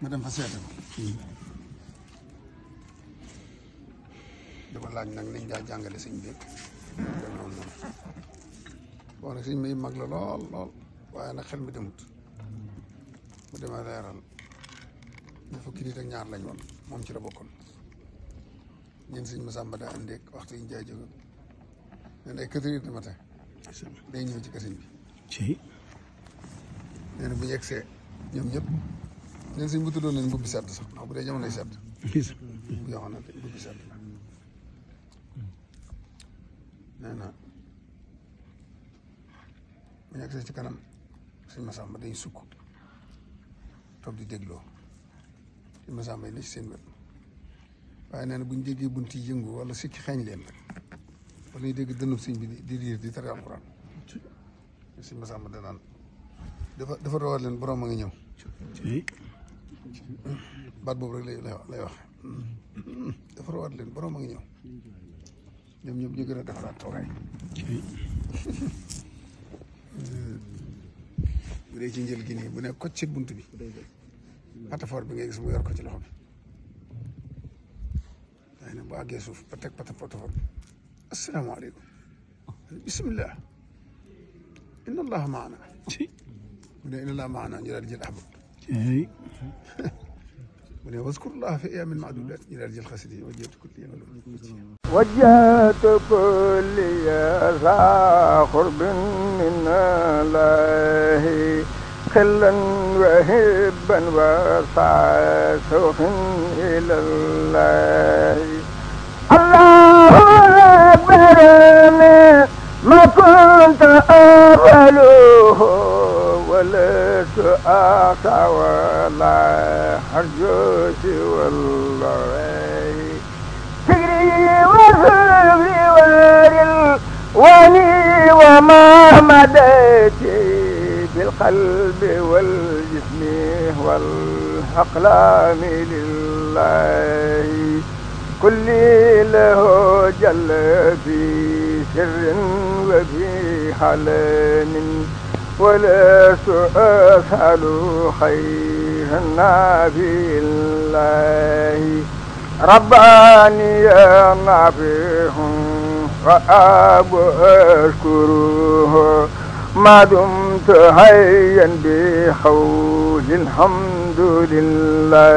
ma dem fa seete ko. laaj nag nañ daa jàngale sëñ bi noonu noonu bon nag sëñ bi mag la lool lool waaye nag xel mi demut mu demee leeral bu fukki nit ak ñaar lañ moom ci la bokkoon ñun sëñ Masamba daa àndeeg waxtu yi ñu jaay jóge ay quatre heures du matin ñëw ci kër bi nee bu ñu yegsee ñoom ñëpp ñun suñ bu tuddoon leen mbubbi sedd sax ndax bu dee jamonoy sedd. bu yoo xam ne mbubbi sedd na bu ñu agsee ci kanam suñ masamba day sukk toog di dégloo suñ masamba yi ne seen wet waaye nee na bu ñu déggee bunt yi yëngu wala sikki xeeñ leen rek wala ñuy dégg dënnub sëñ bi di riir di tere alxuraan suñ masamba danaan dafa dafa rawal leen boroom a ngi ñëw baat boobu rek lay lay wax defarawaat leen borom a ngi ñëw ñoom ñoom ñu gën a defaraat toogaay bu dee ci njël gi bu ne ko ci bunt bi patafoor bi ngay gis mu yor ko ci loxo bi day ne bu àggee suuf ba bi asalaamaaleykum bisimilah inna allaha maana bu ne inna maana ñu jël ahmad mu ne waskurullaha fi ayyaamin ma'duudaat ñu daal jël xasida yi wajjahtu kulliya zaa qurbin minallaahi xillan wa hibban wa saasuqin ilallaahi allahu akbar ma kunta awaluhu ولست أعطى ولا أرجو سوى البغي فكري وصبري ورلواني وما مديتي بالقلب والجسم والأقلام لله كل له جل في سر وفي حلم ولا سأفعل خيرا في الله رباني نبيهم وأب أشكره ما دمت حيا بحول الحمد لله